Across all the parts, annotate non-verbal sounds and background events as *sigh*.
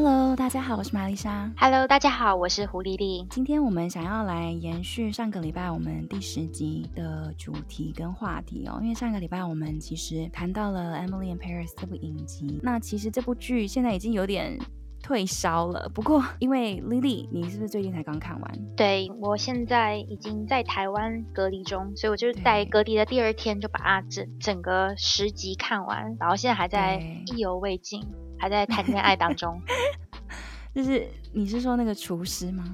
Hello，大家好，我是瑪麗莎。Hello，大家好，我是胡麗麗。今天我們想要來延續上個禮拜我們第十集的主題跟話題哦，因為上個禮拜我們其實談到了《Emily and Paris》這部影集。那其實這部劇現在已經有點退燒了，不過因為麗麗，你是不是最近才剛看完？對，我現在已經在台灣隔離中，所以我就是在隔離的第二天就把它整整個十集看完，然後現在還在意猶未盡。還在談戀愛當中， *laughs* 就是你是說那個廚師嗎？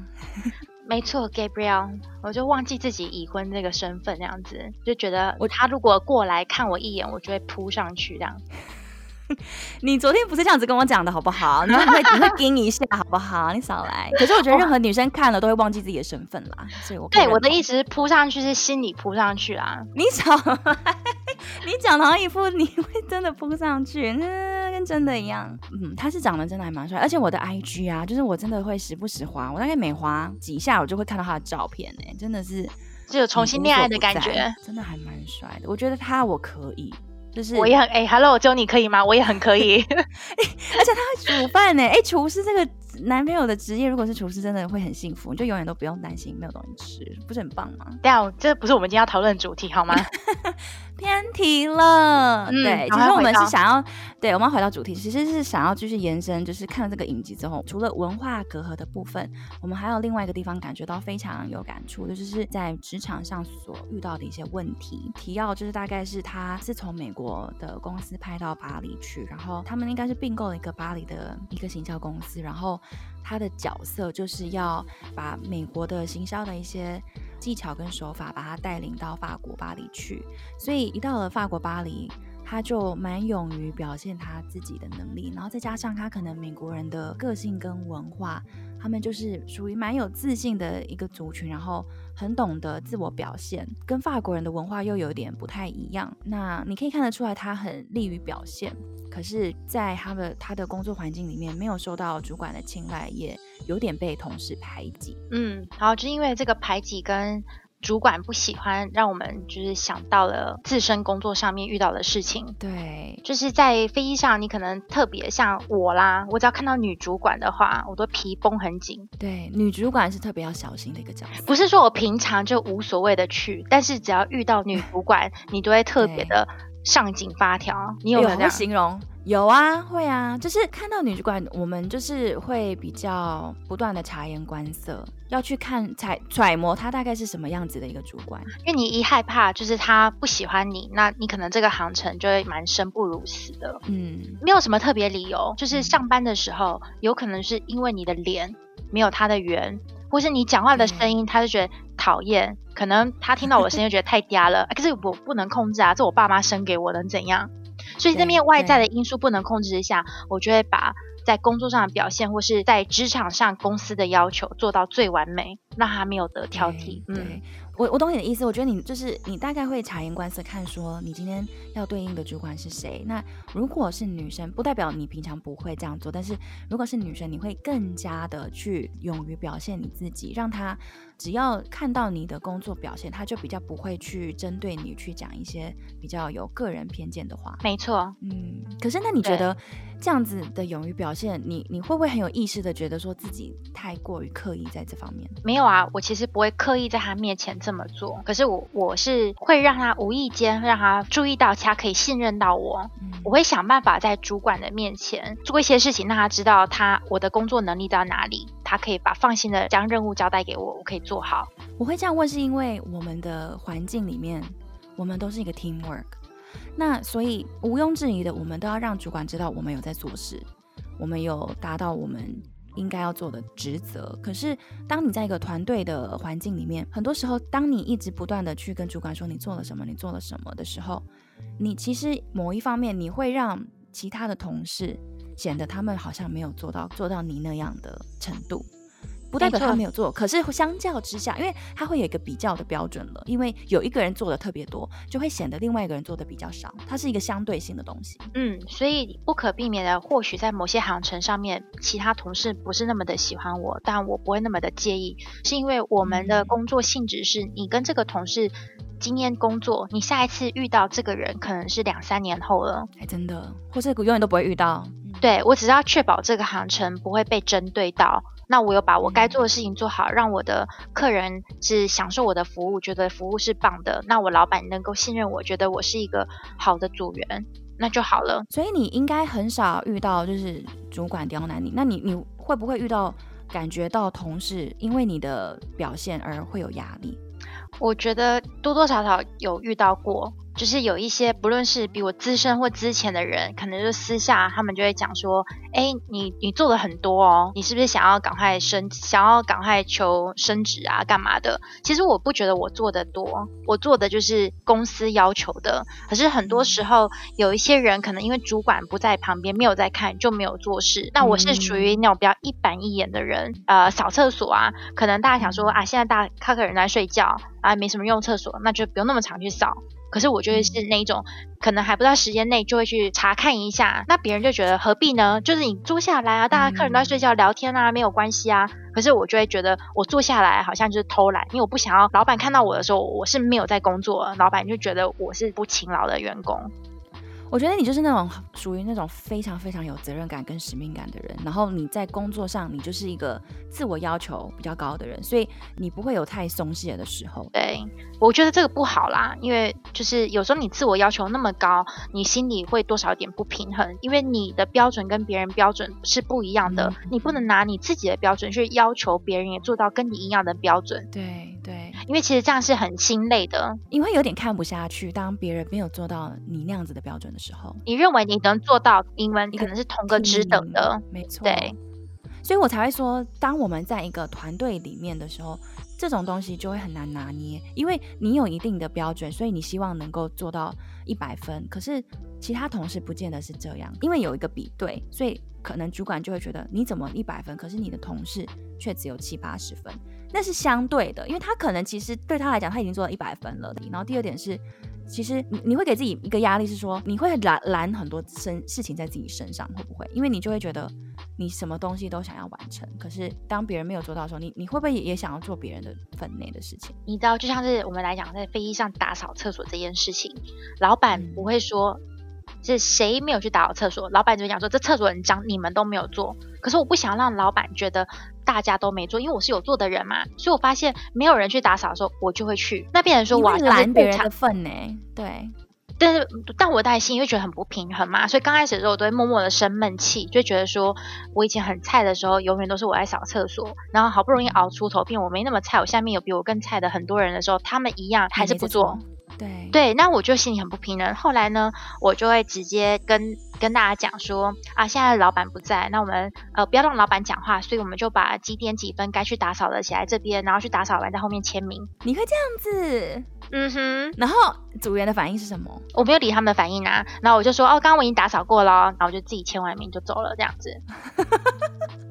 *laughs* 沒錯，Gabriel，我就忘記自己已婚這個身份，這樣子就覺得我他如果過來看我一眼，我就會撲上去這樣。 *laughs* 你昨天不是這樣子跟我講的，好不好？你會 *laughs* 你會盯一下，好不好？你少來。可是我覺得任何女生看了都會忘記自己的身份啦，所以我對我的意思撲上去是心裡撲上去啊， *laughs* 你少來。 *laughs* 你講得好像一副你會真的撲上去，嗯，跟真的一樣。嗯，他是長得真的還蠻帥，而且我的 I G 啊，就是我真的會時不時滑，我大概沒滑幾下，我就會看到他的照片、欸，呢，真的是，就有重新戀愛的感覺，真的還蠻帥的。我覺得他我可以，就是我也很哎、欸、，Hello，就你可以嗎？我也很可以， *laughs* 而且他會煮飯呢，哎、欸，廚師這個。男朋友的職業如果是廚師，真的會很幸福，你就永遠都不用擔心沒有東西吃，不是很棒嗎？對啊，這不是我們今天要討論的主題好嗎？ *laughs* 偏題了。嗯、對，好其實我們是想要，頭對，我們要回到主題，其實是想要繼續延伸，就是看了這個影集之後，除了文化隔閡的部分，我們還有另外一個地方感覺到非常有感觸，的就是在職場上所遇到的一些問題。提要就是大概是他是從美國的公司派到巴黎去，然後他們應該是併購了一個巴黎的一個行銷公司，然後。他的角色就是要把美國的行銷的一些技巧跟手法，把他帶領到法國巴黎去。所以一到了法國巴黎，他就蠻勇於表現他自己的能力。然後再加上他可能美國人的個性跟文化，他們就是屬於蠻有自信的一個族群，然後很懂得自我表現。跟法國人的文化又有點不太一樣，那你可以看得出來，他很利於表現。可是，在他的他的工作環境裡面，沒有受到主管的青睞，也有點被同事排擠。嗯，好，就是、因為這個排擠跟主管不喜歡，讓我們就是想到了自身工作上面遇到的事情。對，就是在飛機上，你可能特別像我啦，我只要看到女主管的話，我都皮繃很緊。對，女主管是特別要小心的一個角色。不是說我平常就無所謂的去，但是只要遇到女主管， *laughs* 你都會特別的。上緊發條，你有沒有、欸、形容？有啊，會啊，就是看到女主管，我們就是會比較不斷的察言觀色，要去看揣，揣摩她大概是什麼樣子的一個主管。因為你一害怕，就是她不喜歡你，那你可能這個行程就會蠻生不如死的。嗯，沒有什麼特別理由，就是上班的時候，有可能是因為你的臉沒有她的圓。或是你講話的聲音，他就覺得討厭。嗯、可能他聽到我的聲音就覺得太嗲了、 *laughs* 啊，可是我不能控制啊！這我爸媽生給我，能怎樣？所以這面外在的因素不能控制之下，對我就會把在工作上的表現對或是在職場上公司的要求做到最完美，讓他沒有得挑剔。對嗯。我我懂你的意思，我覺得你就是你大概會察言觀色，看說你今天要對應的主管是誰。那如果是女生，不代表你平常不會這樣做，但是如果是女生，你會更加的去勇於表現你自己，讓她。只要看到你的工作表現，他就比較不會去針對你去講一些比較有個人偏見的話。沒錯錯，嗯。可是那你覺得這樣子的勇於表現，對你你會不會很有意識的覺得說自己太過於刻意在這方面？沒有啊，我其實不會刻意在他面前這麼做。可是我我是會讓他無意間讓他注意到，其他可以信任到我。嗯、我會想辦法在主管的面前做一些事情，讓他知道他我的工作能力在哪裡，他可以把放心的將任務交代給我，我可以。做好，我會這樣問，是因為我們的環境裡面，我們都是一個 teamwork，那所以毋庸置疑的，我們都要讓主管知道我們有在做事，我們有達到我們應該要做的職責。可是，當你在一個團隊的環境裡面，很多時候，當你一直不斷的去跟主管說你做了什麼，你做了什麼的時候，你其實某一方面，你會讓其他的同事顯得他們好像沒有做到做到你那樣的程度。不代表他沒有做。沒錯，可是相較之下，因為他會有一個比較的標準了。因為有一個人做的特別多，就會顯得另外一個人做的比較少。它是一個相對性的東西。嗯，所以不可避免的，或許在某些航程上面，其他同事不是那麼的喜歡我，但我不會那麼的介意，是因為我們的工作性質是，你跟這個同事今天工作，你下一次遇到這個人可能是兩三年後了。還真的，或者永遠都不會遇到。嗯，對，我只要確保這個航程不會被針對到。那我有把我該做的事情做好，讓我的客人是享受我的服務，覺得服務是棒的。那我老板能夠信任我，覺得我是一個好的組員，那就好了。所以你應該很少遇到就是主管刁難你，那你你會不會遇到感覺到同事因為你的表現而會有壓力？我覺得多多少少有遇到過。就是有一些，不論是比我資深或資淺的人，可能就私下他們就會講說，誒、欸，你你做的很多哦，你是不是想要趕快升，想要趕快求升職啊，幹嘛的？其實我不覺得我做的多，我做的就是公司要求的。可是很多時候有一些人，可能因為主管不在旁邊，沒有在看，就沒有做事。那我是屬於那種比較一板一眼的人，呃，掃廁所啊，可能大家想說啊，現在大客人在睡覺啊，沒什麼用廁所，那就不用那麼常去掃。可是我就會是那一種，可能還不到時間內就會去查看一下。那別人就覺得何必呢？就是你坐下來啊，大家客人都在睡覺聊天啊，沒有關係啊。可是我就會覺得，我坐下來好像就是偷懶，因為我不想要老板看到我的時候，我是沒有在工作，老板就覺得我是不勤勞的員工。我覺得你就是那種屬於那種非常非常有責任感跟使命感的人，然後你在工作上你就是一個自我要求比較高的人，所以你不會有太鬆懈的時候。對，我覺得這個不好啦，因為就是有時候你自我要求那麼高，你心裡會多少有點不平衡，因為你的標準跟別人標準是不一樣的，嗯，你不能拿你自己的標準去要求別人也做到跟你一樣的標準。對。因為其實這樣是很心累的，因為有點看不下去。當別人沒有做到你那樣子的標準的時候，你認為你能做到，因為你可能是同個職等的，沒錯。對。所以，我才會說，當我們在一個團隊裡面的時候，這種東西就會很難拿捏，因為你有一定的標準，所以你希望能夠做到一百分。可是其他同事不見得是這樣，因為有一個比對，所以可能主管就會覺得你怎麼一百分，可是你的同事卻只有七八十分。那是相對的，因為他可能其實，對他來講他已經做到一百分了。然後第二點是，其實你你會給自己一個壓力，是說你會攬攬很多身事情在自己身上，會不會？因為你就會覺得你什麼東西都想要完成。可是當別人沒有做到的時候，你你會不會也也想要做別人的分內的事情？你知道，就像是我們來講，在飛機上打掃廁所這件事情，老闆不會說、嗯、就是誰沒有去打掃廁所，老闆就會講說，這廁所很髒，你們都沒有做。可是我不想讓老闆覺得。大家都沒做，因為我是有做的人嘛，所以我發現沒有人去打掃的時候，我就會去。那變成說我是，我攔別人的份呢、欸？對。但是，但我內心裡會覺得很不平衡嘛，所以剛開始的時候，我都會默默的生悶氣，就覺得說我以前很菜的時候，永遠都是我在掃廁所，然後好不容易熬出頭片，變我沒那麼菜，我下面有比我更菜的很多人的時候，他們一樣還是不做。對對，那我就心裡很不平衡。後來呢，我就會直接跟。跟大家講說啊，現在老闆不在，那我們呃不要讓老闆講話，所以我們就把幾點幾分該去打掃的寫在這邊，然後去打掃完在後面簽名。你會這樣子？嗯哼，然後。組員的反應是什麼？我沒有理他們的反應啊，然後我就說，哦，剛剛我已經打掃過了，然後我就自己簽完名就走了，這樣子。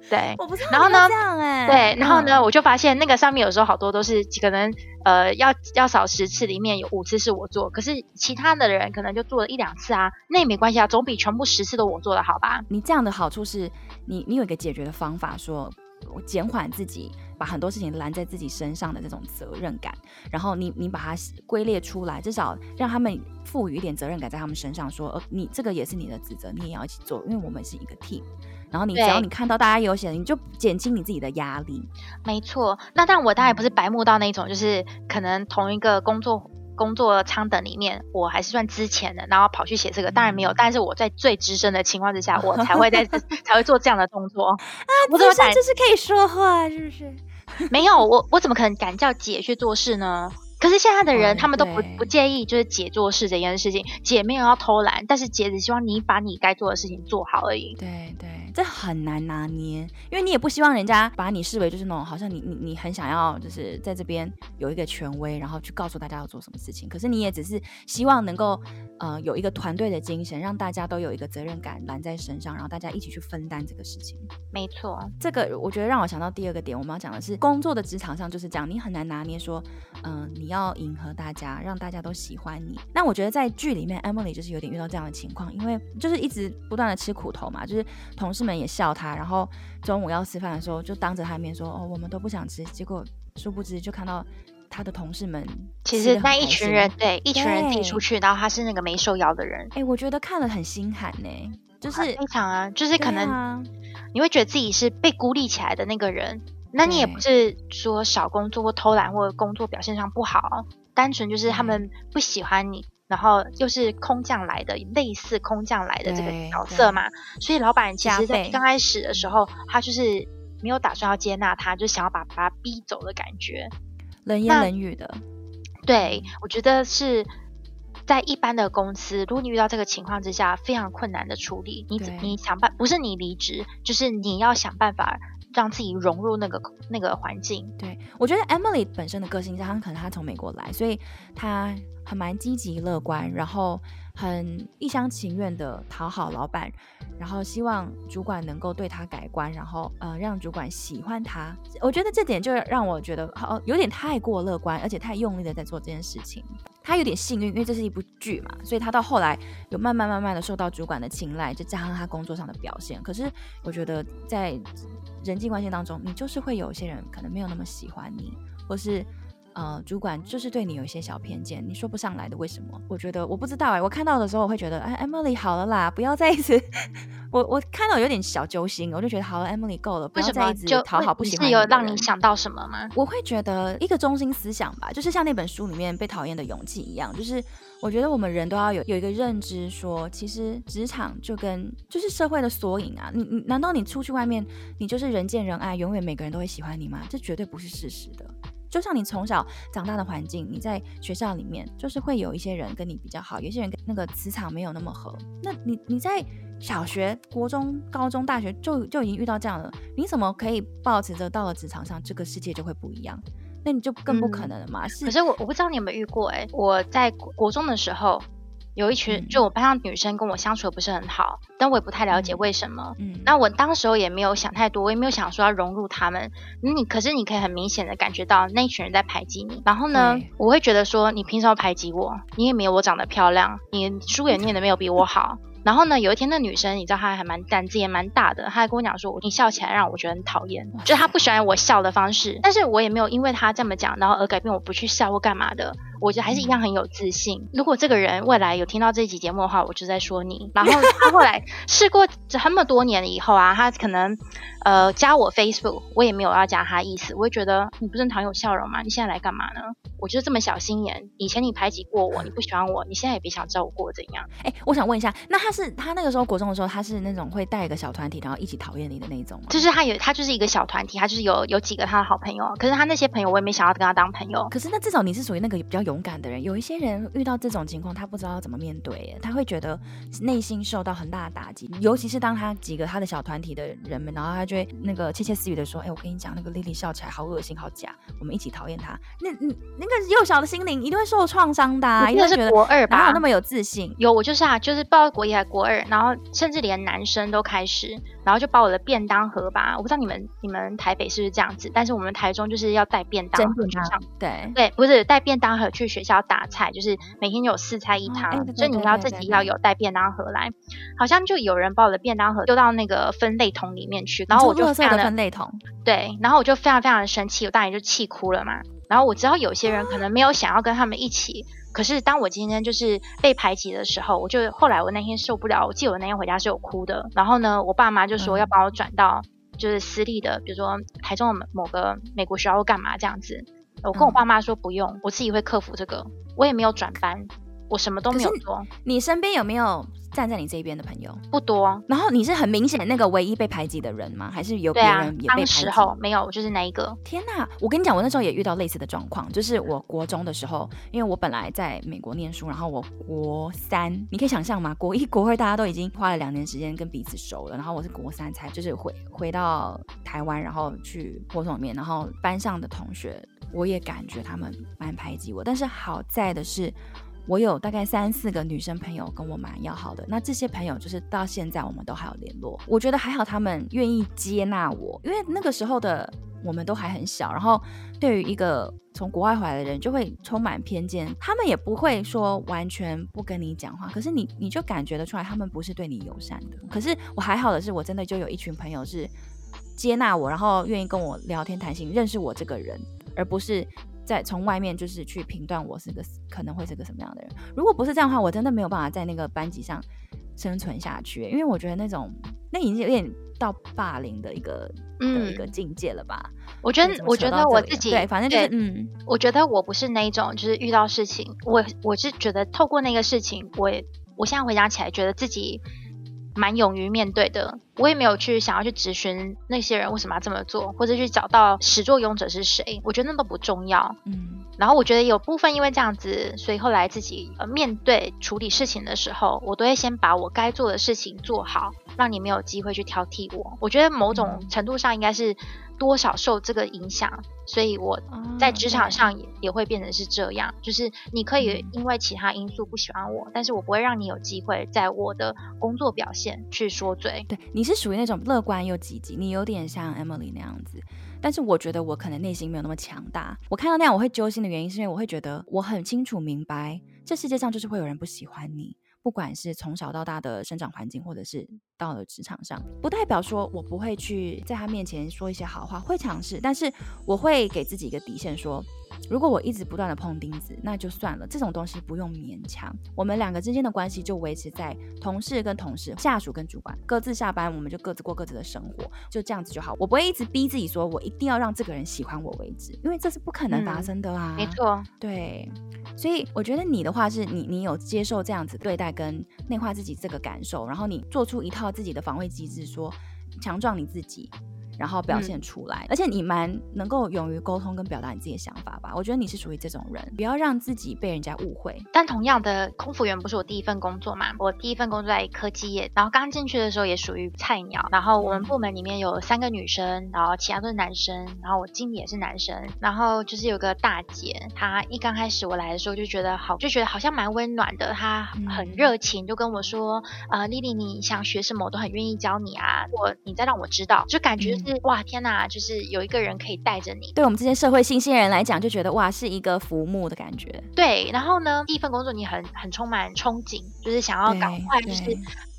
對，然後呢？這樣哎，對，然後呢？我就發現那個上面有時候好多都是可能呃要要掃十次，裡面有五次是我做，可是其他的人可能就做了一兩次啊，那也沒關係啊，總比全部十次都我做的好吧？你這樣的好處是你你有一個解決的方法說。我減緩自己把很多事情攔在自己身上的這種責任感，然後你你把它歸列出來，至少讓他們賦予一點責任感在他們身上說，說呃你這個也是你的職責，你也要一起做，因為我們是一個 team。然後你只要你看到大家有寫的，對你就減輕你自己的壓力。沒錯，那但我當然不是白目到那種，就是可能同一個工作。工作艙等裡面，我還是算之前的，然後跑去寫這個，當然沒有。但是我在最資深的情況之下，嗯、我才會在 *laughs* 才會做這樣的動作啊！我怎麼敢？這是可以說話，是不是？沒有我，我怎麼可能敢叫姐去做事呢？ *laughs* 可是現在的人，對他們都不不介意，就是姐做事這件事情，姐沒有要偷懶，但是姐只希望你把你該做的事情做好而已。對對。對這很難拿捏，因為你也不希望人家把你視為就是那種好像你你你很想要就是在這邊有一個權威，然後去告訴大家要做什麼事情。可是你也只是希望能夠呃有一個團隊的精神，讓大家都有一個責任感攬在身上，然後大家一起去分擔這個事情。沒錯，這個我覺得讓我想到第二個點，我們要講的是工作的職場上就是這樣，你很難拿捏說嗯、呃、你要迎合大家，讓大家都喜歡你。那我覺得在劇裡面，Emily 就是有點遇到這樣的情況，因為就是一直不斷的吃苦頭嘛，就是同事。們也笑他，然後中午要吃飯的時候，就當着他面說：“哦，我們都不想吃。”結果殊不知，就看到他的同事們其實那一群人對，對一群人請出去，然後他是那個沒受邀的人。對哎，我覺得看了很心寒呢，就是非常啊，就是可能、啊、你會覺得自己是被孤立起來的那個人。那你也不是說少工作或偷懶，或者工作表現上不好，單純就是他們不喜歡你。嗯然後又是空降來的，類似空降來的這個角色嘛，所以老板其實在剛開始的時候，倍他就是沒有打算要接納他，就想要把他逼走的感覺，冷言冷語的。對，我覺得是在一般的公司，如果你遇到這個情況之下，非常困難的處理。你對你想辦，不是你離職，就是你要想辦法。讓自己融入那個那個環境。對，我覺得 Emily 本身的個性，加上可能她從美國來，所以她很蠻積極樂觀，然後很一廂情願的討好老板，然後希望主管能夠對她改觀，然後呃讓主管喜歡她。我覺得這點就讓我覺得好、哦、有點太過樂觀，而且太用力的在做這件事情。他有點幸運，因為這是一部劇嘛，所以他到後來有慢慢慢慢的受到主管的青睞，就加上他工作上的表現。可是我覺得在人際關係當中，你就是會有些人可能沒有那麼喜歡你，或是。呃，主管就是對你有一些小偏見，你說不上來的為什麼？我覺得我不知道哎、欸，我看到的時候我會覺得，哎，Emily 好了啦，不要再一直， *laughs* 我我看到我有點小揪心，我就覺得好了，Emily 夠了，不要再一直就討好不喜歡。不是有讓你想到什麼嗎？我會覺得一個中心思想吧，就是像那本書裡面被討厭的勇氣一樣，就是我覺得我們人都要有有一個認知說，說其實職場就跟就是社會的縮影啊，你你難道你出去外面，你就是人見人愛，永遠每個人都會喜歡你嗎？這絕對不是事實的。就像你從小長大的環境，你在學校裡面就是會有一些人跟你比較好，有些人跟那個磁場沒有那麼合。那你你在小學、國中、高中、大學就就已經遇到這樣了，你怎麼可以保持着到了職場上這個世界就會不一樣？那你就更不可能了嘛。嗯、是，可是我我不知道你有沒有遇過，哎、欸，我在國中的時候。有一群、嗯、就我班上女生跟我相處的不是很好，但我也不太了解為什麼。嗯，那我當時候也沒有想太多，我也沒有想說要融入他們。你、嗯、可是你可以很明顯的感覺到那一群人在排擠你。然後呢，對我會覺得說你憑什麼排擠我？你也沒有我長得漂亮，你書也念的沒有比我好。 *laughs* 然後呢，有一天那女生，你知道她還蠻膽子也蠻大的，她還跟我講說，你笑起來讓我覺得很討厭，就她不喜歡我笑的方式。但是我也沒有因為她這麼講，然後而改變我不去笑或幹嘛的。我覺得還是一樣很有自信。嗯、如果這個人未來有聽到這集節目的話，我就在說你。然後他後來試過這麼多年了以後啊，他可能呃加我 Facebook，我也沒有要加他意思。我覺得你不是常有笑容嗎？你現在來幹嘛呢？我就是這麼小心眼。以前你排擠過我，你不喜歡我，你現在也別想知道我過得怎樣。哎、欸，我想問一下，那他是他那個時候國中的時候，他是那種會帶一個小團體，然後一起討厭你的那種嗎？就是他有他就是一個小團體，他就是有有幾個他的好朋友，可是他那些朋友我也沒想要跟他當朋友。可是那至少你是屬於那個比較有。勇敢的人，有一些人遇到這種情況，他不知道要怎麼面對，他會覺得內心受到很大的打擊。尤其是當他幾個他的小團體的人們，然後他就會那個竊竊私語的說：“哎、欸，我跟你講，那個麗麗笑起來好惡心，好假，我們一起討厭他。那那那個幼小的心靈一定會受創傷的、啊。因為是國二吧？沒有那麼有自信？有，我就是啊，就是報國一還是國二？然後甚至連男生都開始，然後就把我的便當盒吧。我不知道你們你們台北是不是這樣子，但是我們台中就是要帶便當盒，盒。對對，不是帶便當盒。去學校打菜，就是每天有四菜一湯，所以、哦、你要自己要有帶便當盒來。對對對對，好像就有人把我的便當盒丟到那個分類桶裡面去，然後我就非常的就的分類桶，對，然後我就非常非常生氣，我當然就氣哭了嘛。然後我知道有些人可能沒有想要跟他們一起，哦、可是當我今天就是被排擠的時候，我就後來我那天受不了，我記得我那天回家是有哭的。然後呢，我爸媽就說要把我轉到就是私立的，比如說台中的某個美國學校會幹嘛這樣子。我跟我爸媽說不用，嗯、我自己會克服這個。我也沒有轉班，我什麼都沒有做。你身邊有沒有？站在你這一邊的朋友不多，然後你是很明顯的那個唯一被排擠的人嗎？還是有別人也被排擠？啊、當時候沒有，就是那一個。天哪、啊，我跟你講，我那時候也遇到類似的狀況，就是我國中的時候，因為我本來在美國念書，然後我國三，你可以想象嗎？國一、國二大家都已經花了兩年時間跟彼此熟了，然後我是國三才就是回回到台灣，然後去國中念，然後班上的同學我也感覺他們蠻排擠我，但是好在的是。我有大概三四個女生朋友跟我蠻要好的，那這些朋友就是到現在我們都還有聯絡。我覺得還好，他們願意接納我，因為那個時候的我們都還很小，然後對於一個從國外回來的人就會充滿偏見。他們也不會說完全不跟你講話，可是你你就感覺得出來，他們不是對你友善的。可是我還好的是，我真的就有一群朋友是接納我，然後願意跟我聊天談心，認識我這個人，而不是。在從外面就是去評斷我是個可能會是個什麼樣的人，如果不是這樣的話，我真的沒有辦法在那個班級上生存下去。欸，因為我覺得那種那已經有點到霸凌的一個嗯一個境界了吧。我覺得我覺得我自己對，反正就是，對嗯，我覺得我不是那一種，就是遇到事情，我我是覺得透過那個事情，我我現在回想起來，覺得自己，蠻勇於面對的，我也沒有去想要去質詢那些人為什麼要這麼做，或者去找到始作俑者是誰，我覺得那都不重要。嗯，然後我覺得有部分因為這樣子，所以後來自己呃面對處理事情的時候，我都會先把我該做的事情做好，讓你沒有機會去挑剔我。我覺得某種程度上應該是。多少受這個影響，所以我在職場上也，哦，也會變成是這樣。就是你可以因為其他因素不喜歡我，但是我不會讓你有機會在我的工作表現去說嘴。對，你是屬於那種樂觀又積極，你有點像 Emily 那樣子。但是我覺得我可能內心沒有那麼強大。我看到那樣我會揪心的原因，是因為我會覺得我很清楚明白，這世界上就是會有人不喜歡你，不管是從小到大的生長環境，或者是。到了職場上，不代表說我不會去在他面前說一些好話，會嘗試，但是我會給自己一個底線說，說如果我一直不斷的碰釘子，那就算了，這種東西不用勉強。我們兩個之間的關係就維持在同事跟同事、下屬跟主管，各自下班，我們就各自過各自的生活，就這樣子就好。我不會一直逼自己說，我一定要讓這個人喜歡我為止，因為這是不可能發生的啊。嗯，沒錯，對，所以我覺得你的話是你，你有接受這樣子對待跟內化自己這個感受，然後你做出一套。自己的防衛機制說，說強壯你自己。然後表現出來，嗯、而且你蠻能夠勇於溝通跟表達你自己的想法吧？我覺得你是屬於這種人，不要讓自己被人家誤會。但同樣的，空服員不是我第一份工作嘛？我第一份工作在科技業，然後剛進去的時候也屬於菜鳥。然後我們部門裡面有三個女生，然後其他都是男生，然後我經理也是男生。然後就是有個大姐，她一剛開始我來的時候就覺得好，就覺得好像蠻溫暖的，她很熱情，就跟我說：“呃，麗麗，你想學什麼，我都很願意教你啊。我你再讓我知道，就感覺是、嗯。”哇，天哪！就是有一個人可以帶着你，對我們這些社會新鮮人來講，就覺得哇，是一個浮木的感覺。對，然後呢，第一份工作你很很充滿憧憬，就是想要趕快，就是。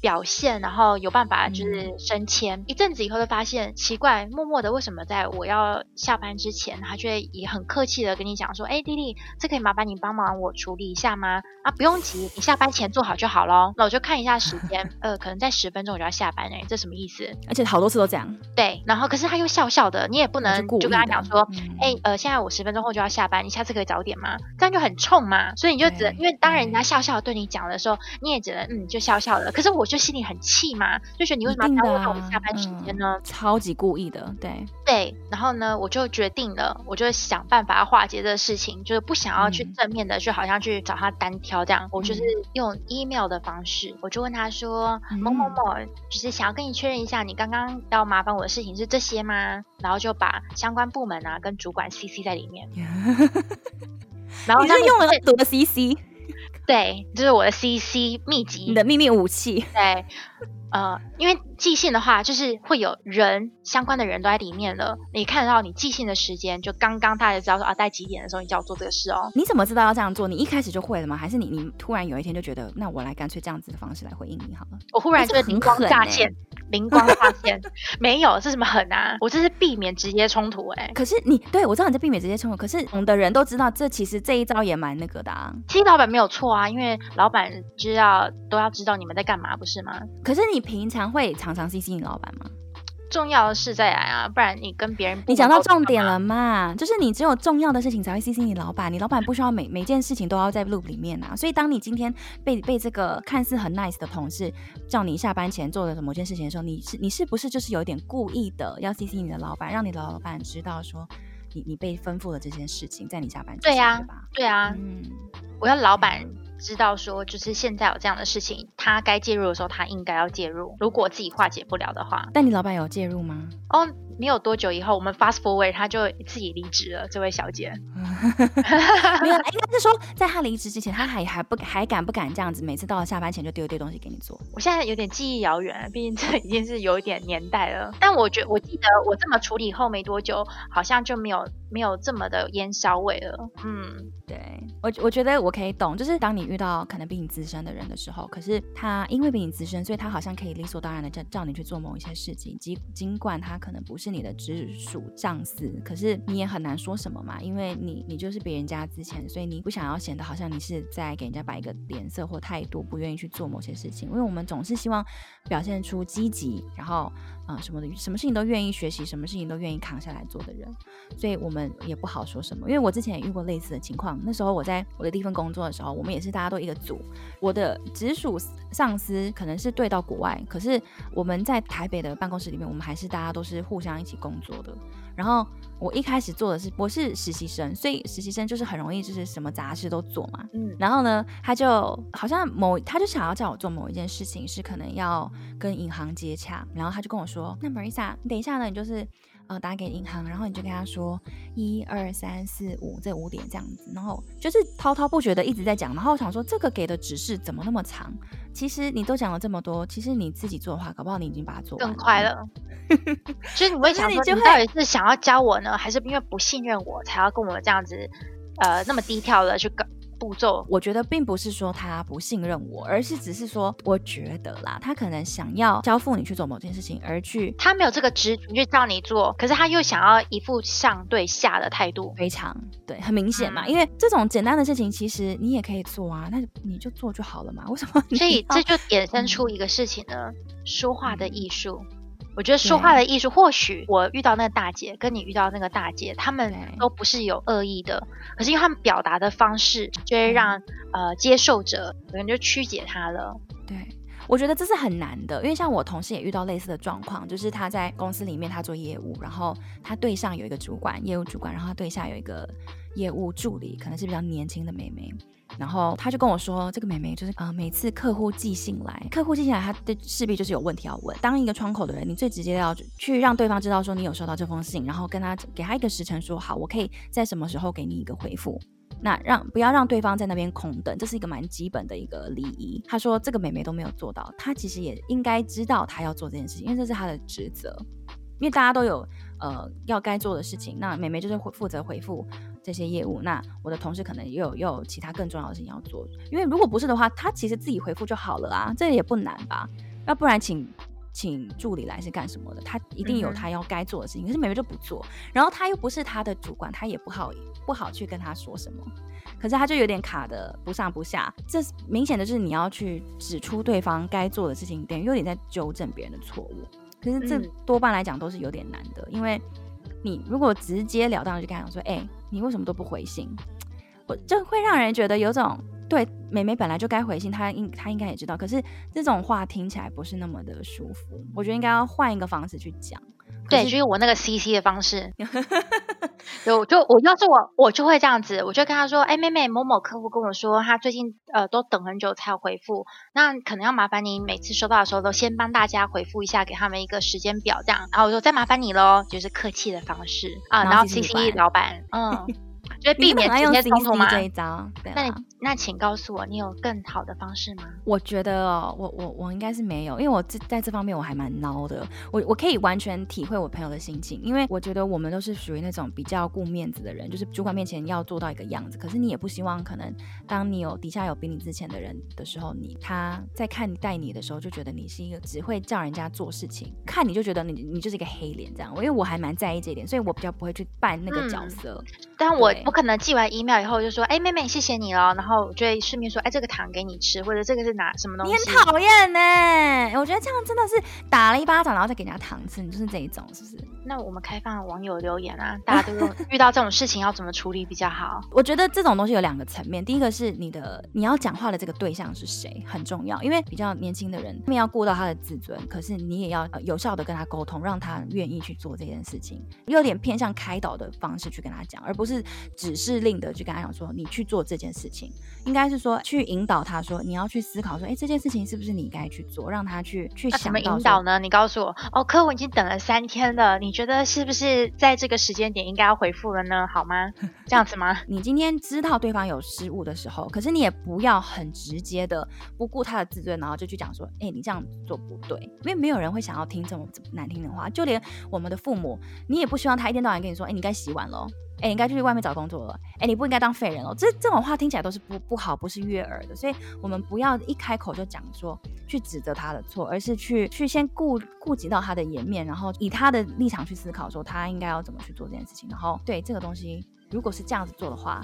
表現，然後有辦法就是升遷。嗯、一陣子以後，就發現奇怪，默默的為什麼在我要下班之前，他卻也很客氣的跟你講說：“哎，弟弟，這可以麻煩你幫忙我處理一下嗎？啊，不用急，你下班前做好就好嘍。”那我就看一下時間， *laughs* 呃，可能在十分鐘我就要下班哎、欸，這什麼意思？而且好多次都這樣。對，然後可是他又笑笑的，你也不能就跟他講說：“哎、嗯，呃，現在我十分鐘後就要下班，你下次可以早點嗎？”這樣就很衝嘛。所以你就只能對因為當然人家笑笑對你講的時候，你也只能嗯就笑笑的。可是我。就心裡很氣嘛，就是你為什麼耽誤我下班時間呢、啊嗯？超級故意的，對對。然後呢，我就決定了，我就想辦法化解這個事情，就是不想要去正面的，嗯、就好像去找他單挑這樣。我就是用 email 的方式，嗯、我就問他說：“嗯、某某某，就是想要跟你確認一下，你剛剛要麻煩我的事情是這些嗎？”然後就把相關部門啊跟主管 CC 在裡面。Yeah. *laughs* 然後他你是用了多少 CC？對，這就是我的 CC 秘籍，你的秘密武器。對。呃，因為寄信的話，就是會有人相關的人都在裡面了。你看到你寄信的時間，就剛剛大家知道說啊，在幾點的時候你就要做這個事哦。你怎麼知道要這樣做？你一開始就會了嗎？還是你你突然有一天就覺得，那我來乾脆這樣子的方式來回應你好了。我忽然就靈光乍現，靈、欸、光乍現 *laughs* 沒有，是什麼狠啊？我這是避免直接衝突哎，欸。可是你對我知道你在避免直接衝突，可是懂的人都知道這，這其實這一招也蠻那個的啊。其實老闆沒有錯啊，因為老闆知道都要知道你們在幹嘛不是嗎？可是你平常會常常 CC 你老板嗎？重要的事再來啊，不然你跟別人不，你講到重點了嘛，就是你只有重要的事情才會 CC 你老板，你老板不需要每每件事情都要在 loop 裡面啊。所以當你今天被被這個看似很 nice 的同事叫你下班前做的某件事情的時候，你是你是不是就是有點故意的要 CC 你的老板，讓你的老板知道說你你被吩咐了這件事情，在你下班前。對呀，對啊，嗯，我要老板，知道說，就是現在有這樣的事情，他該介入的時候，他應該要介入。如果自己化解不了的話，但你老板有介入嗎？哦。沒有多久以後，我們 fast forward，他就自己離職了。這位小姐， *laughs* 沒有，應該是說，在他離職之前，他還還不還敢不敢這樣子？每次到了下班前就丟一丟東西給你做。我現在有點記憶遙遠啊，畢竟這已經是有一點年代了。但我覺我記得我這麼處理後沒多久，好像就沒有沒有這麼的煙硝味了。嗯，對，我我覺得我可以懂，就是當你遇到可能比你資深的人的時候，可是他因為比你資深，所以他好像可以理所當然的叫叫你去做某一些事情，即儘管他可能不是。是你的直屬上司，可是你也很難說什麼嘛，因為你你就是別人家之前，所以你不想要顯得好像你是在給人家擺一個臉色或態度，不願意去做某些事情，因為我們總是希望表現出積極，然後，啊、呃，什麼的，什麼事情都願意學習，什麼事情都願意扛下來做的人，所以我們也不好說什麼，因為我之前也遇過類似的情況。那時候我在我的第一份工作的時候，我們也是大家都一個組，我的直屬上司可能是對到國外，可是我們在台北的辦公室裡面，我們還是大家都是互相一起工作的。然後我一開始做的是我是實習生，所以實習生就是很容易就是什麼雜事都做嘛。嗯，然後呢，他就好像某他就想要叫我做某一件事情，是可能要跟銀行接洽，然後他就跟我說：“那 Marisa，你等一下呢，你就是。”呃，打給銀行，然後你就跟他說一二三四五這五點這樣子，然後就是滔滔不絕的一直在講，然後我想說這個給的指示怎麼那麼長？其實你都講了這麼多，其實你自己做的話，搞不好你已經把它做了。更快了。其 *laughs* 實你會想說， *laughs* 你，就你到底是想要教我呢，還是因為不信任我才要跟我這樣子，呃，那麼低調的去搞。步驟，我覺得並不是說他不信任我，而是只是說我覺得啦，他可能想要交付你去做某件事情，而去他沒有這個職權去叫你做，可是他又想要一副上對下的態度，非常對，很明顯嘛。嗯、因為這種簡單的事情，其實你也可以做啊，那你就做就好了嘛。為什麼你？所以這就衍生出一個事情呢，說話、嗯、的藝術。我覺得說話的藝術，對或許我遇到那個大姐跟你遇到那個大姐，他們都不是有惡意的，對可是因為他們表達的方式，就會讓、嗯、呃接受者可能就曲解他了。對，我覺得這是很難的，因為像我同事也遇到類似的狀況，就是他在公司裡面他做業務，然後他對上有一個主管業務主管，然後他對下有一個業務助理，可能是比較年輕的妹妹。然後他就跟我說，這個妹妹就是，呃，每次客戶寄信來，客戶寄信來他，他的勢必就是有問題要問。當一個窗口的人，你最直接要去讓對方知道說你有收到這封信，然後跟他給他一個時辰說好，我可以在什麼時候給你一個回復。那讓不要讓對方在那邊空等，這是一個蠻基本的一個禮儀。他說這個妹妹都沒有做到，她其實也應該知道她要做這件事情，因為這是她的職責。因為大家都有呃，要該做的事情，那妹妹就是負責回覆這些業務，那我的同事可能也有又有其他更重要的事情要做。因為如果不是的話，他其實自己回覆就好了啊，這也不難吧？要不然請請助理來是幹什麼的？他一定有他要該做的事情，嗯哼。可是妹妹就不做，然後他又不是他的主管，他也不好不好去跟他說什麼，可是他就有點卡的，不上不下，這明顯的就是你要去指出對方該做的事情，等於有點在糾正別人的錯誤。其實這多半來講都是有點難的，嗯、因為你如果直截了當的就跟他講說，哎、欸，你為什麼都不回信？我就會讓人覺得有種對妹妹本來就該回信，她應她應該也知道，可是這種話聽起來不是那麼的舒服。我覺得應該要換一個方式去講。對，就是我那個 CC 的方式， *laughs* 就我就我要是我我就會這樣子，我就跟他說：“哎、欸，妹妹，某某客戶跟我說，他最近呃都等很久才有回復，那可能要麻煩你每次收到的時候都先幫大家回復一下，給他們一個時間表，這樣，然後我說再麻煩你嘍，就是客氣的方式啊、 *laughs* 嗯，然後 CC 老闆，嗯。” *laughs* 所以避免他用 CC 這一招，對，那那請告訴我，你有更好的方式嗎？我覺得哦，我我我應該是沒有，因為我這在這方面我還蠻孬的。我我可以完全體會我朋友的心情，因為我覺得我們都是屬於那種比較顧面子的人，就是主管面前要做到一個樣子。嗯、可是你也不希望，可能當你有底下有比你之前的人的時候，你他在看待你的時候就覺得你是一個只會叫人家做事情，看你就覺得你你就是一個黑臉這樣。因為我還蠻在意這一點，所以我比較不會去扮那個角色。嗯、但我不。可能寄完 email 以後就說：“哎，妹妹，謝謝你嘍。”然後我就會順便說：“哎，這個糖給你吃，或者這個是拿什麼東西？”你很討厭呢、欸。我覺得這樣真的是打了一巴掌，然後再給人家糖吃，就是這一種，是不是？那我們開放了網友留言啊，大家都有 *laughs* 遇到這種事情要怎麼處理比較好？我覺得這種東西有兩個層面，第一個是你的你要講話的這個對象是誰很重要，因為比較年輕的人，他們要顧到他的自尊，可是你也要有效地跟他溝通，讓他願意去做這件事情，有點偏向開導的方式去跟他講，而不是。指示令的去跟他講說，你去做這件事情，應該是說去引導他，說你要去思考說，哎，這件事情是不是你該去做，讓他去去想、啊、怎麼引導呢？你告訴我哦，客戶已經等了三天了，你覺得是不是在這個時間點應該要回覆了呢？好嗎？這樣子嗎？ *laughs* 你今天知道對方有失誤的時候，可是你也不要很直接的不顧他的自尊，然後就去講說，哎，你這樣做不對，因為沒有人會想要聽這麼難聽的話，就連我們的父母，你也不希望他一天到晚跟你說，哎，你該洗碗嘍。欸，你應該去外面找工作了。欸，你不應該當廢人了。這這種話聽起來都是不不好，不是悅耳的。所以，我們不要一開口就講說去指責他的錯，而是去去先顧顧及到他的顏面，然後以他的立場去思考說他應該要怎麼去做這件事情。然後，對這個東西，如果是這樣子做的話，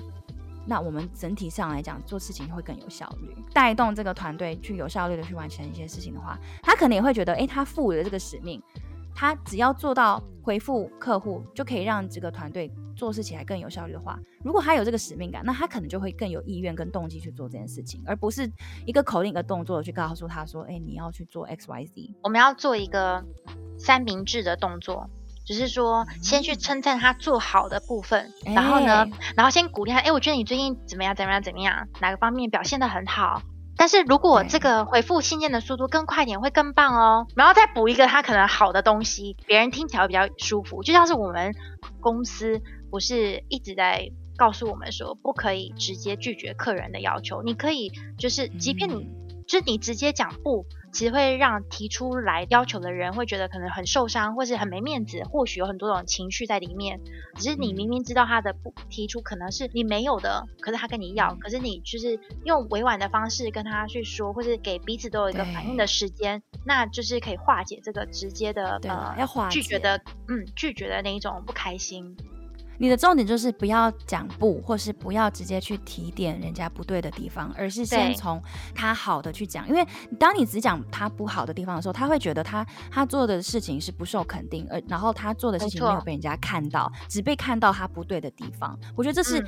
那我們整體上來講做事情會更有效率，帶動這個團隊去有效率的去完成一些事情的話，他可能也會覺得，欸，他負了這個使命。他只要做到回復客戶，就可以讓這個團隊做事起來更有效率的話，如果他有這個使命感，那他可能就會更有意願跟動機去做這件事情，而不是一個口令、一個動作去告訴他說：“哎、欸，你要去做 X Y Z。”我們要做一個三明治的動作，就是說先去稱讚他做好的部分，嗯、然後呢，然後先鼓勵他：“哎、欸，我覺得你最近怎麼樣？怎麼樣？怎麼樣？哪個方面表現得很好？”但是如果這個回復信件的速度更快點會更棒哦，然後再補一個他可能好的東西，別人聽起來比較舒服，就像是我們公司不是一直在告訴我們說，不可以直接拒絕客人的要求，你可以就是，即便你。就是你直接講不，其實會讓提出來要求的人會覺得可能很受傷，或是很沒面子，或許有很多種情緒在裡面。只是你明明知道他的不提出可能是你沒有的，可是他跟你要，可是你就是用委婉的方式跟他去說，或是給彼此都有一個反應的時間，對那就是可以化解這個直接的對呃要化解拒絕的嗯拒絕的那一種不開心。你的重點就是不要講不，或是不要直接去提點人家不對的地方，而是先從他好的去講。對因為當你只講他不好的地方的時候，他會覺得他他做的事情是不受肯定，而然後他做的事情沒有被人家看到，錯只被看到他不對的地方。我覺得這是、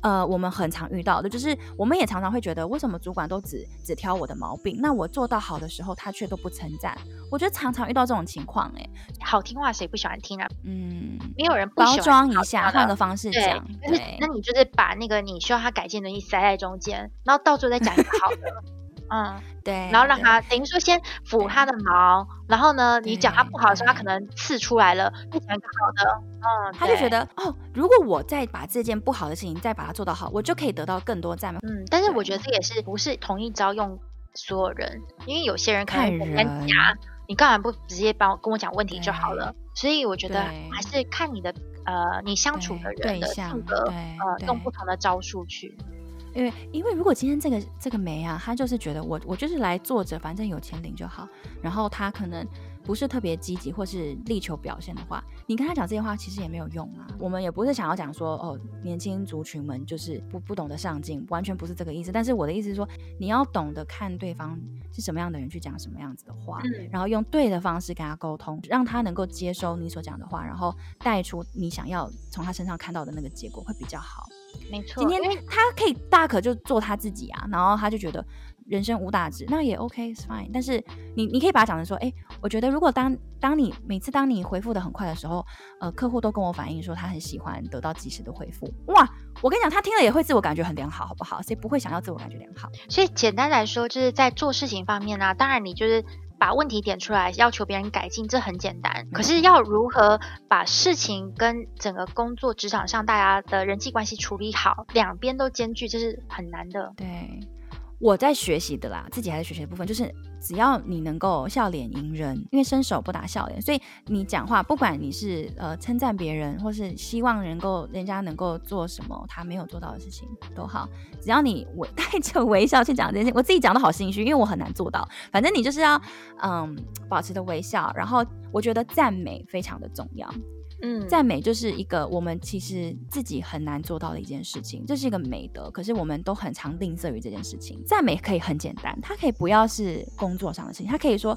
嗯、呃我們很常遇到的，就是我們也常常會覺得為什麼主管都只只挑我的毛病？那我做到好的時候，他卻都不稱讚。我覺得常常遇到這種情況、欸，哎，好聽話誰不喜歡聽啊？嗯，沒有人不喜歡包裝一下。換個方式講，就是那你就是把那個你需要他改進的東西塞在中間，然後到最後再講一個好的，嗯，對，然後讓他等於說先撫他的毛，然後呢，你講他不好的時候，他可能刺出來了，他講一個好的，嗯，他就覺得哦，如果我再把這件不好的事情再把它做到好，我就可以得到更多讚美。嗯，但是我覺得這也是不是同一招用所有人，因為有些人看人家你幹嘛不直接幫我跟我講問題就好了？所以我覺得還是看你的。呃，你相處的人的性格，對對對，呃，用不同的招數去，因為因為如果今天這個這個梅啊，他就是覺得我我就是來坐着，反正有錢領就好，然後他可能。不是特別積極或是力求表現的話，你跟他講這些話其實也沒有用啊。嗯、我們也不是想要講說哦，年輕族群們就是不不懂得上進，完全不是這個意思。但是我的意思是說，你要懂得看對方是什麼樣的人去講什麼樣子的話，嗯、然後用對的方式跟他溝通，讓他能夠接收你所講的話，然後帶出你想要從他身上看到的那個結果會比較好。沒錯錯，今天他可以大可就做他自己啊，然後他就覺得。人生無大志，那也 OK，it's fine。但是你你可以把它講成說，哎，我覺得如果當當你每次當你回覆得很快的時候，呃，客戶都跟我反映說他很喜歡得到及時的回復。哇，我跟你講，他聽了也會自我感覺很良好，好不好？所以不會想要自我感覺良好。所以簡單來說，就是在做事情方面呢、啊，當然你就是把問題點出來，要求別人改進，這很簡單。可是要如何把事情跟整個工作職場上大家的人際關係處理好，兩邊都兼具，這是很難的。對。我在學習的啦，自己還在學習的部分，就是只要你能夠笑臉迎人，因為伸手不打笑臉，所以你講話，不管你是呃稱讚別人，或是希望能夠人家能夠做什麼他沒有做到的事情都好，只要你我帶着微笑去講這些，我自己講的好心虛，因為我很難做到，反正你就是要嗯保持着微笑，然後我覺得讚美非常的重要。嗯，讚美就是一個我們其實自己很難做到的一件事情，這、就是一個美德，可是我們都很常吝嗇於這件事情。讚美可以很簡單，它可以不要是工作上的事情，它可以說。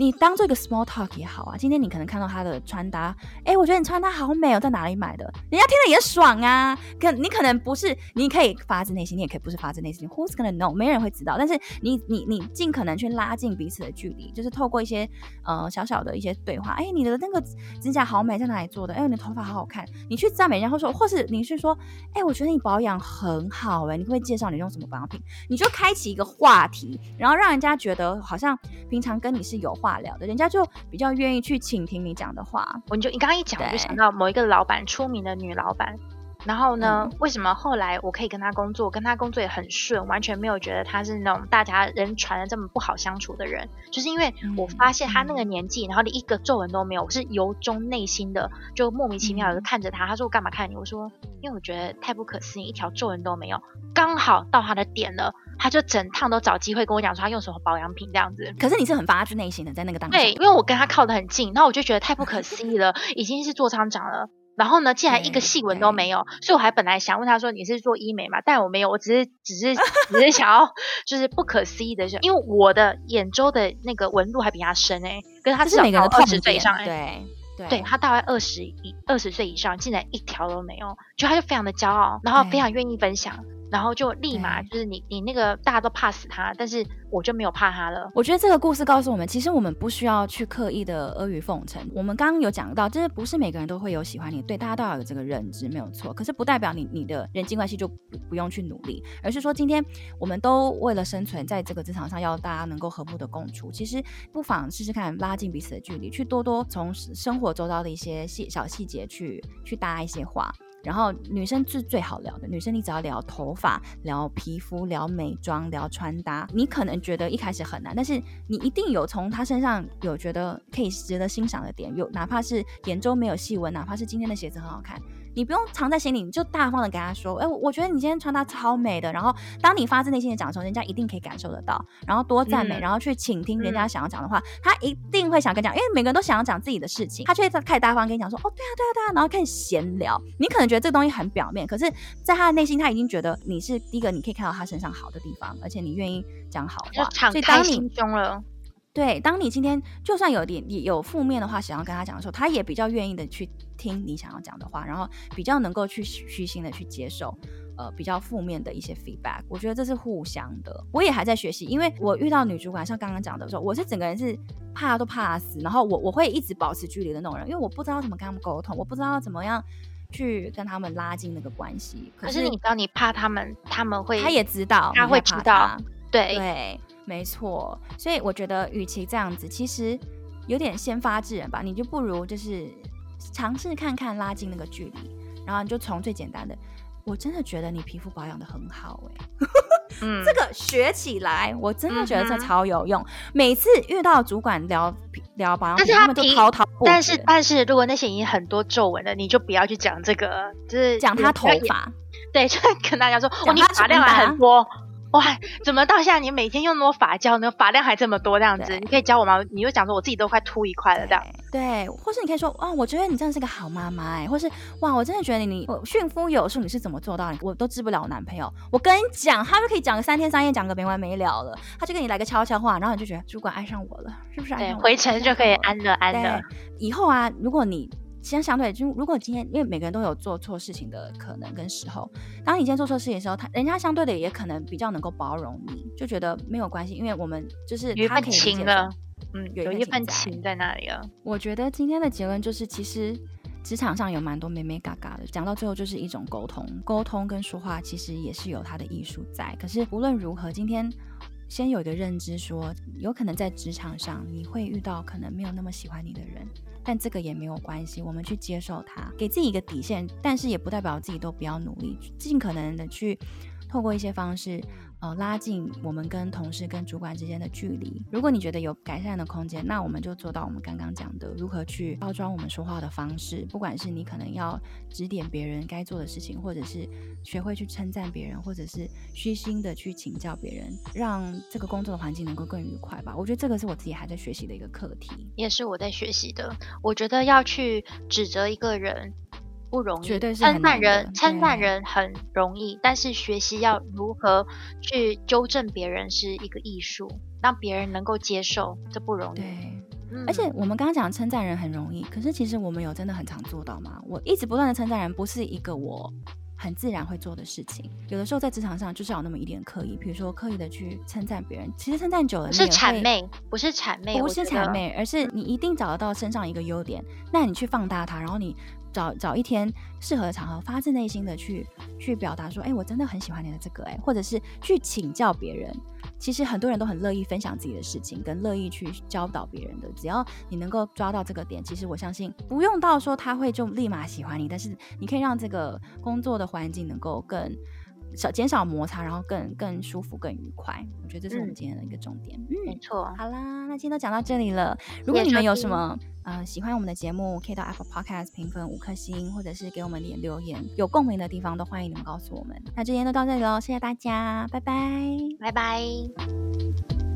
你當做一個 small talk 也好啊，今天你可能看到他的穿搭，哎、欸，我覺得你穿搭好美哦、喔，在哪裡買的？人家聽了也爽啊。可你可能不是，你可以發自內心，你也可以不是發自內心。Who's gonna know？沒人會知道。但是你你你盡可能去拉近彼此的距離，就是透過一些呃小小的一些對話，哎、欸，你的那個指甲好美，在哪裡做的？哎、欸，你的頭髮好好看，你去讚美人家會說，或是你去說，哎、欸，我覺得你保養很好、欸，哎，你會介紹你用什麼保養品？你就開啟一個話題，然後讓人家覺得好像平常跟你是有話。話聊的，人家就比較願意去傾聽你講的話。我就你剛剛一講，我就想到某一個老板對出名的女老板，然後呢？嗯、為什麼後來我可以跟他工作，跟他工作也很順，完全沒有覺得他是那種大家人傳的這麼不好相處的人？就是因為我發現他那個年紀，然後連一個皺紋都沒有，我是由衷內心的就莫名其妙的看着他。他說我幹嘛看你？嗯、我說因為我覺得太不可思議，一條皺紋都沒有，剛好到他的點了，他就整趟都找機會跟我講說他用什麼保養品這樣子。可是你是很發自內心的在那個當中，對，因為我跟他靠得很近，那我就覺得太不可思議了， *laughs* 已經是座艙長了。然後呢，竟然一個細紋都沒有，所以我還本來想問他說，你是做醫美嘛？但我沒有，我只是只是只是想要 *laughs* 就是不可思議的是，因為我的眼周的那個紋路還比較深、欸、可是他至少二十歲以上、欸？對對，對，他大概二十一二十歲以上，竟然一條都沒有，就他就非常的驕傲，然後非常願意分享。然後就立馬就是你對你那個大家都怕死他，但是我就沒有怕他了。我覺得這個故事告訴我們，其實我們不需要去刻意的阿諛奉承。我們剛剛有講到，就是不是每個人都會有喜歡你，對大家都要有這個認知，沒有錯。可是不代表你你的人際關係就不不用去努力，而是說今天我們都為了生存在這個職場上，要大家能夠和睦的共處。其實不妨試試看拉近彼此的距離，去多多從生活周遭的一些細小細節去去搭一些話。然後女生是最好聊的，女生你只要聊頭髮、聊皮膚、聊美妝、聊穿搭，你可能覺得一開始很難，但是你一定有從她身上有覺得可以值得欣賞的點，有，哪怕是眼周沒有細紋，哪怕是今天的鞋子很好看。你不用藏在心裡，你就大方的跟他說，哎、欸，我覺得你今天穿搭超美的。然後，當你發自內心的講的時候，人家一定可以感受得到。然後多讚美，嗯、然後去傾聽人家想要講的話，嗯、他一定會想跟你講，因為每個人都想要講自己的事情，嗯、他卻開始大方跟你講說，哦，對啊，對啊，對啊，然後開始閒聊。你可能覺得這個東西很表面，可是，在他的內心，他已經覺得你是第一個你可以看到他身上好的地方，而且你願意講好話，所以當你。了。對，當你今天就算有點有負面的話想要跟他講的時候，他也比較願意的去聽你想要講的話，然後比較能夠去虛心的去接受，呃，比較負面的一些 feedback。我覺得這是互相的。我也還在學習，因為我遇到女主管像剛剛講的時候，我是整個人是怕都怕死，然後我我會一直保持距離的那種人，因為我不知道怎麼跟他們溝通，我不知道怎麼樣去跟他們拉近那個關係。可是，可是你知道，你怕他們，他們會他也知道，他會知道，對對。對沒錯，所以我覺得，與其這樣子，其實有點先發制人吧。你就不如就是嘗試看看拉近那個距離，然後你就從最簡單的。我真的覺得你皮膚保養得很好哎、欸， *laughs* 嗯、這個學起來我真的覺得這超有用。嗯、哼每次遇到主管聊聊保養品，但他，他們都滔滔不絕。但是但是如果那些已經很多皺紋的，你就不要去講這個，就是講他頭髮。對，就跟大家說，我講 哇你髮量很多。哦哇，怎麼到現在你每天用那麼多髮膠呢？髮、那個、量還這麼多這樣子，對你可以教我嗎？你又講說我自己都快禿一塊了這樣對。對，或是你可以說，哇，我覺得你真的是個好媽媽哎，或是哇，我真的覺得你你馴夫有術，你是怎麼做到的？我都治不了我男朋友，我跟你講，他就可以講個三天三夜，講個沒完沒了了。他就給你來個悄悄話，然後你就覺得主管愛上我了，是不是？對，回程就可以安了安了。對，以後啊，如果你。先相對，就如果今天，因為每個人都有做錯事情的可能跟時候，當你今天做錯事情的時候，他人家相對的也可能比較能夠包容你，就覺得沒有關係，因為我們就是他可以。一份情了，嗯，有一份情在那裡啊。我覺得今天的結論就是，其實職場上有蠻多美美嘎嘎的。講到最後，就是一種溝通，溝通跟說話其實也是有它的藝術在。可是無論如何，今天先有一個認知說，說有可能在職場上你會遇到可能沒有那麼喜歡你的人。但這個也沒有關係，我們去接受它，給自己一個底線，但是也不代表自己都不要努力，盡可能的去透過一些方式。呃、哦，拉近我們跟同事、跟主管之間的距離。如果你覺得有改善的空間，那我們就做到我們剛剛講的，如何去包裝我們說話的方式。不管是你可能要指點別人該做的事情，或者是學會去稱讚別人，或者是虛心的去請教別人，讓這個工作的環境能夠更愉快吧。我覺得這個是我自己還在學習的一個課題，也是我在學習的。我覺得要去指責一個人。不容易，對，稱讚人稱讚人很容易，但是學習要如何去糾正別人是一個藝術，讓別人能夠接受，這不容易。對，嗯，而且我們剛剛講稱讚人很容易，可是其實我們有真的很常做到嗎？我一直不斷的稱讚人，不是一個我很自然會做的事情，有的時候在職場上就是有那麼一點刻意，比如說刻意的去稱讚別人。其實稱讚久了，不是諂媚，不是諂媚，不是諂媚，而是你一定找得到身上一個優點，那你去放大它，然後你找找一天適合的場合，發自內心的去去表達說：“哎、欸，我真的很喜歡你的這個。”哎，或者是去請教別人。其實很多人都很樂意分享自己的事情，跟樂意去教導別人的。只要你能夠抓到這個點，其實我相信不用到說他會就立馬喜歡你，但是你可以讓這個工作的環境能夠更少減少摩擦，然後更更舒服、更愉快。我覺得這是我們今天的一個重點。嗯，沒錯。好啦，那今天都講到這裡了。如果你們有什麼呃，喜歡我們的節目，可以到 Apple Podcast 評分五顆星，或者是給我們點留言，有共鳴的地方都歡迎你們告訴我們。 *music* 那今天就到這裡嘍，謝謝大家，拜拜，拜拜。